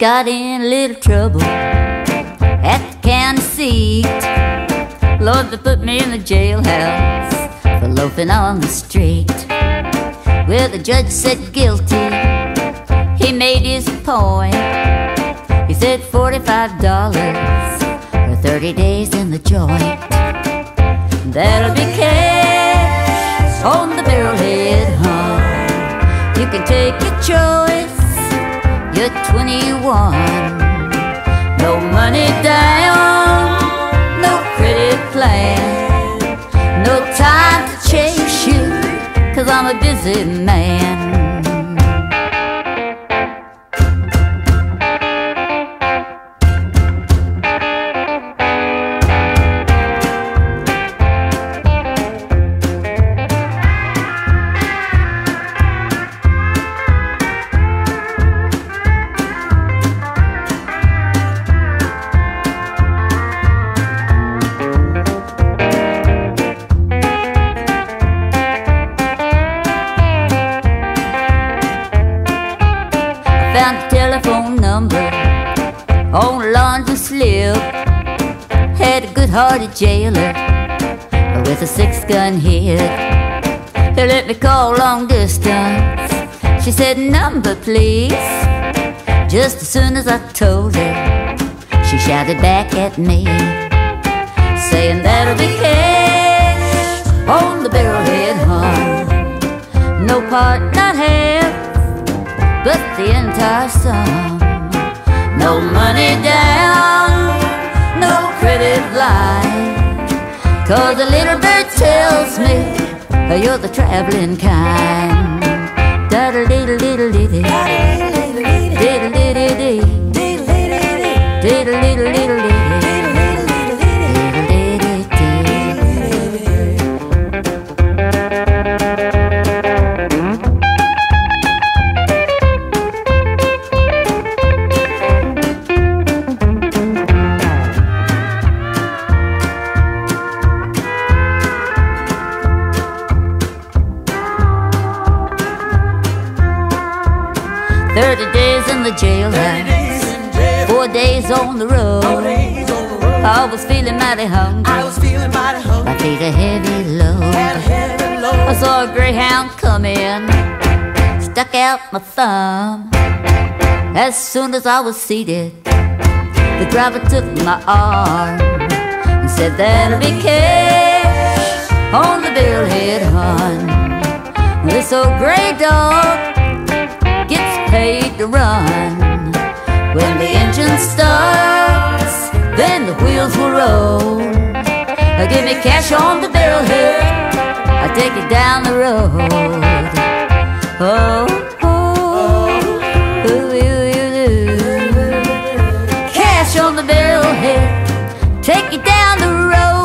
Got in a little trouble at the county seat. Lord, they put me in the jailhouse for loafing on the street. Well, the judge said guilty. He made his point. He said $45 for 30 days in the joint. That'll be cash on the barrelhead, huh? You can take your choice you're 21. No money down, no credit plan, no time to chase you, cause I'm a busy man. and telephone number on laundry slip. Had a good-hearted jailer with a six-gun head. He let me call long distance. She said, "Number, please." Just as soon as I told her, she shouted back at me, saying, "That'll be cash on the barrelhead home. No part, not half." but the entire sum. No money down, no credit line. Cause the little bird tells me you're the traveling kind. Da da da da da da. 30 days in the jailhouse, four days on the road. I was feeling mighty hungry. I was feeling mighty hungry. I paid a heavy load. I saw a greyhound come in, stuck out my thumb. As soon as I was seated, the driver took my arm and said, That'll be cash on the bill head, hon. This old grey dog road. Give me cash on the barrelhead. I take you down the road. Oh. oh cash on the take it down the road.